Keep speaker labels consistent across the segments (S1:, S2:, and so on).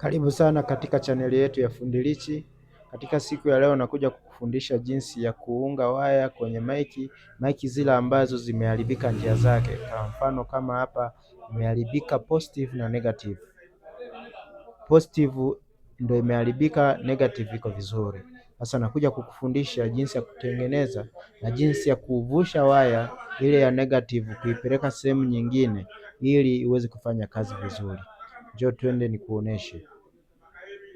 S1: Karibu sana katika chaneli yetu ya Fundilichi. Katika siku ya leo nakuja kukufundisha jinsi ya kuunga waya kwenye maiki, maiki zile ambazo zimeharibika njia zake. Kwa mfano kama hapa imeharibika positive na negative. Positive ndio imeharibika, negative iko vizuri. Sasa nakuja kukufundisha jinsi ya kutengeneza na jinsi ya kuvusha waya ile ya negative kuipeleka sehemu nyingine ili iweze kufanya kazi vizuri. Njoo twende nikuoneshe.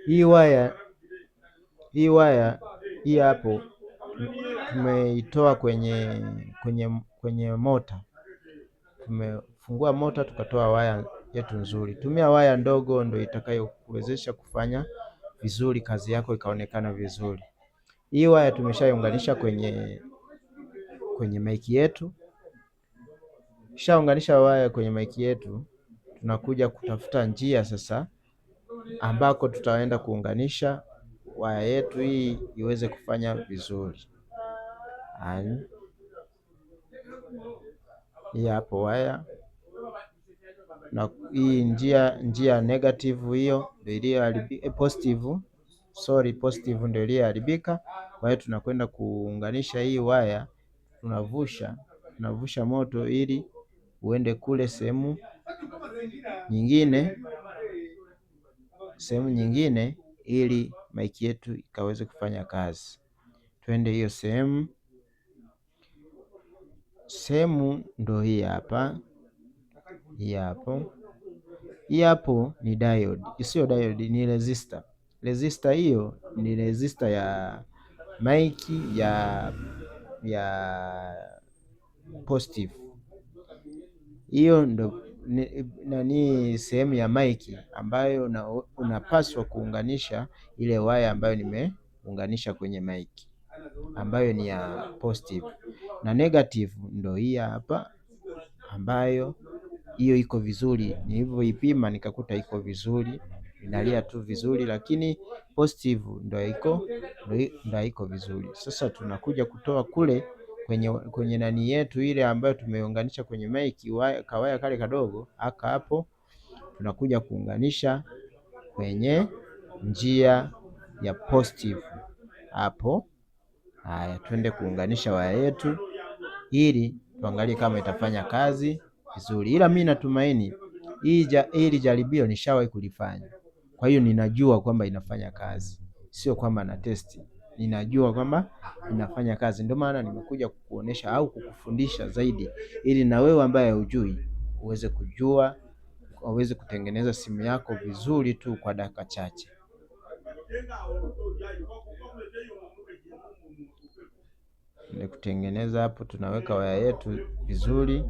S1: Hii waya hii waya hii hapo tumeitoa kwenye kwenye kwenye mota. Tumefungua mota tukatoa waya yetu nzuri. Tumia waya ndogo ndio itakayokuwezesha kufanya vizuri kazi yako ikaonekana vizuri. Hii waya tumeshaiunganisha kwenye kwenye maiki yetu. shaunganisha waya kwenye maiki yetu tunakuja kutafuta njia sasa ambako tutaenda kuunganisha waya yetu hii iweze kufanya vizuri. Hii hapo waya na hii njia njia negative hiyo ndio iliyoharibika, eh, positive sorry, positive ndio iliyoharibika. Kwa hiyo tunakwenda kuunganisha hii waya, tunavusha tunavusha moto ili uende kule sehemu nyingine sehemu nyingine ili maiki yetu ikaweze kufanya kazi. Twende hiyo sehemu. Sehemu ndo hii hapa, hii hapo, hii hapo ni diode, isiyo diode ni resistor. Resistor hiyo ni resistor ya maiki ya ya positive, hiyo ndo nani sehemu ya maiki ambayo una, unapaswa kuunganisha ile waya ambayo nimeunganisha kwenye maiki ambayo ni ya positive na negative, ndo hii hapa ambayo hiyo iko vizuri. Nilivyoipima nikakuta iko vizuri, inalia tu vizuri, lakini positive ndo iko ndo iko vizuri. Sasa tunakuja kutoa kule kwenye, kwenye nani yetu ile ambayo tumeunganisha kwenye maiki kawaya kale kadogo aka hapo, tunakuja kuunganisha kwenye njia ya positive hapo. Haya, twende kuunganisha waya yetu ili tuangalie kama itafanya kazi vizuri, ila mi natumaini hili jaribio nishawahi kulifanya, kwa hiyo ninajua kwamba inafanya kazi, sio kwamba na testi ninajua kwamba inafanya kazi. Ndio maana nimekuja kukuonesha au kukufundisha zaidi, ili na wewe ambaye hujui uweze kujua, uweze kutengeneza simu yako vizuri tu kwa dakika chache. Ni kutengeneza hapo, tunaweka waya yetu vizuri.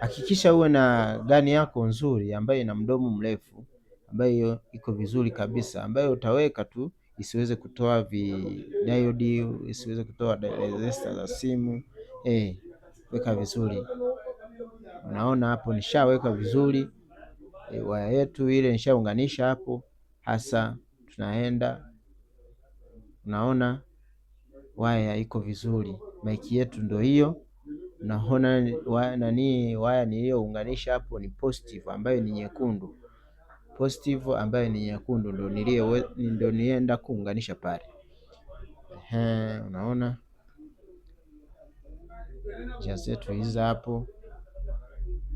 S1: Hakikisha uwe na gani yako nzuri ambayo ina mdomo mrefu ambayo iko vizuri kabisa, ambayo utaweka tu isiweze kutoa diode, isiweze kutoa resistor za simu eh, weka vizuri. Unaona hapo nishaweka vizuri e, waya yetu ile nishaunganisha hapo hasa, tunaenda unaona waya iko vizuri, maiki yetu ndio hiyo. Naona waya nani, waya niliyounganisha hapo ni positive ambayo ni nyekundu positive ambayo ni nyekundu ndo nilie ndo nienda kuunganisha pale. Ehe, unaona njia zetu hizi hapo,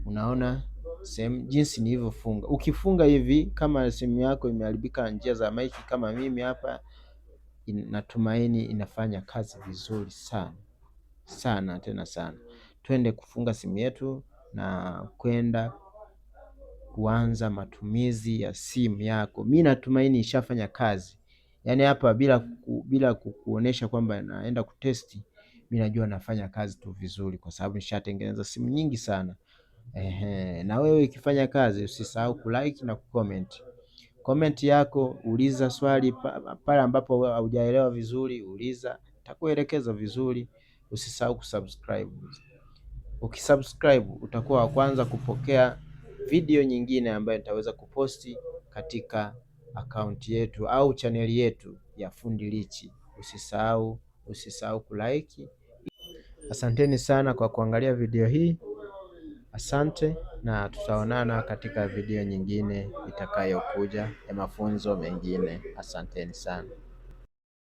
S1: unaona sehemu jinsi nilivyofunga. Ukifunga hivi kama simu yako imeharibika njia za maiki kama mimi hapa, natumaini inafanya kazi vizuri sana sana tena sana. Twende kufunga simu yetu na kwenda kuanza matumizi ya simu yako. Mi natumaini ishafanya kazi, yaani hapa bila ku, bila kukuonesha kwamba naenda kutesti, mi najua nafanya kazi tu vizuri, kwa sababu nishatengeneza simu nyingi sana. Ehe, na wewe ikifanya kazi usisahau kulike na kucomment. Comment yako, uliza swali pale ambapo haujaelewa vizuri, uliza takuelekeza vizuri. Usisahau kusubscribe. Ukisubscribe utakuwa wa kwanza kupokea video nyingine ambayo nitaweza kuposti katika akaunti yetu au chaneli yetu ya Fundi Richie. Usisahau, usisahau kulike. Asanteni sana kwa kuangalia video hii, asante na tutaonana katika video nyingine itakayokuja ya mafunzo mengine. Asanteni sana.